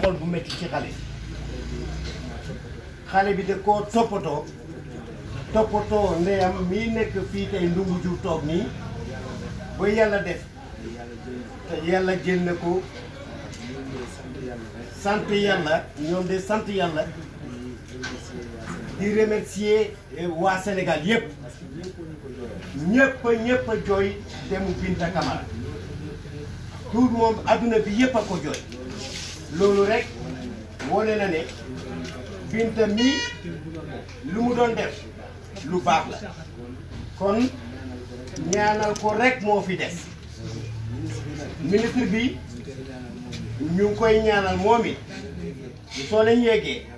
xool bu metti ci xale xale bi da ko toppatoo toppatoo ndeyam mii nekk fii tey ndungu ju toog nii ba yàlla def te yàlla jël ko sant yàlla ñoom de sant yàlla di remercier eh, waa senegal yëpp ñëpp ñëpp a jooy te Binta Camara tout moom adduna bi yëpp a ko jooy loolu rek wone na ne Binta mii lu mu doon def lu baax la kon ñaanal ko rek moo fi des ministre bi ñu koy ñaanal moom it soo leen yeggee